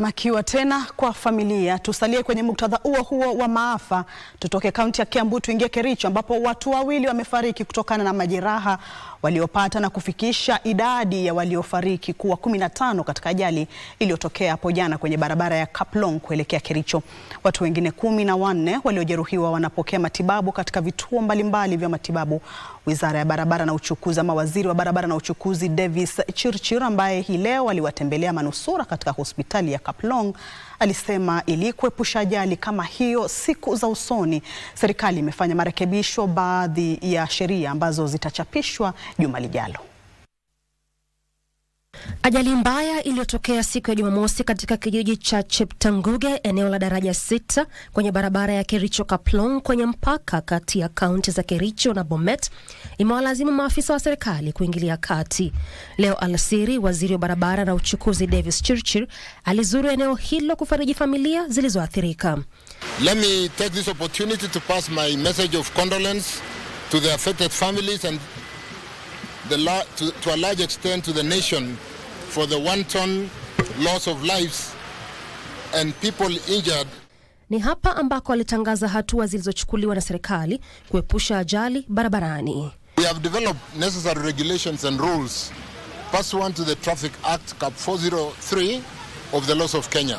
Makiwa tena kwa familia. Tusalie kwenye muktadha huo huo wa maafa, tutoke kaunti ya Kiambu tuingie Kericho ambapo watu wawili wamefariki kutokana na majeraha waliopata na kufikisha idadi ya waliofariki kuwa 15 katika ajali iliyotokea hapo jana kwenye barabara ya Kaplong kuelekea Kericho. Watu wengine kumi na wanne waliojeruhiwa wanapokea matibabu katika vituo mbalimbali vya matibabu. Wizara ya barabara na uchukuzi ama waziri wa barabara na uchukuzi Davis Chirchir ambaye hii leo aliwatembelea manusura katika hospitali ya Kaplong. Kaplong alisema ili kuepusha ajali kama hiyo siku za usoni, serikali imefanya marekebisho baadhi ya sheria ambazo zitachapishwa juma lijalo. Ajali mbaya iliyotokea siku ya Jumamosi katika kijiji cha Cheptanguge eneo la daraja sita kwenye barabara ya Kericho Kaplong kwenye mpaka kati ya kaunti za Kericho na Bomet imewalazimu maafisa wa serikali kuingilia kati. Leo alasiri, waziri wa barabara na uchukuzi Davis Churchill alizuru eneo hilo kufariji familia zilizoathirika. Let me take this opportunity to pass my message of condolence to the affected families and the to, to a large extent to the nation for the wanton loss of lives and people injured. Ni hapa ambako alitangaza hatua zilizochukuliwa na serikali kuepusha ajali barabarani. We have developed necessary regulations and rules pass one to the Traffic Act Cap 403 of the laws of Kenya.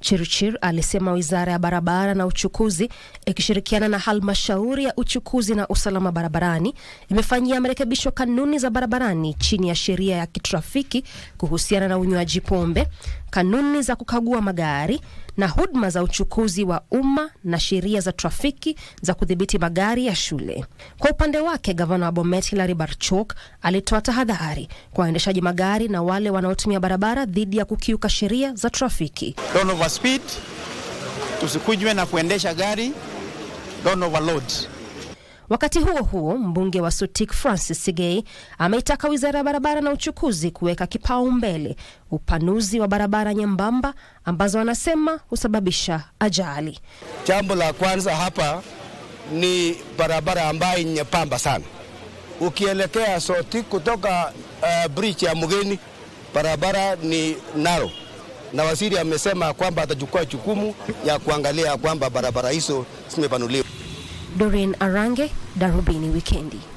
Chirchir alisema wizara ya barabara na uchukuzi ikishirikiana na halmashauri ya uchukuzi na usalama barabarani imefanyia marekebisho kanuni za barabarani chini ya sheria ya kitrafiki kuhusiana na unywaji pombe kanuni za kukagua magari na huduma za uchukuzi wa umma na sheria za trafiki za kudhibiti magari ya shule. Kwa upande wake, gavana wa Bomet Hilary Barchok alitoa tahadhari kwa waendeshaji magari na wale wanaotumia barabara dhidi ya kukiuka sheria za trafiki. Don't overspeed, tusikujwe na kuendesha gari, don't overload. Wakati huo huo, mbunge wa Sotik Francis Sigei ameitaka wizara ya barabara na uchukuzi kuweka kipaumbele upanuzi wa barabara nyembamba ambazo anasema husababisha ajali. Jambo la kwanza hapa ni barabara ambayo nyembamba sana, ukielekea Sotik kutoka uh, bridge ya Mugeni, barabara ni naro na waziri amesema kwamba atachukua jukumu ya kuangalia kwamba barabara hizo zimepanuliwa. Doreen Arange, Darubini Wikendi.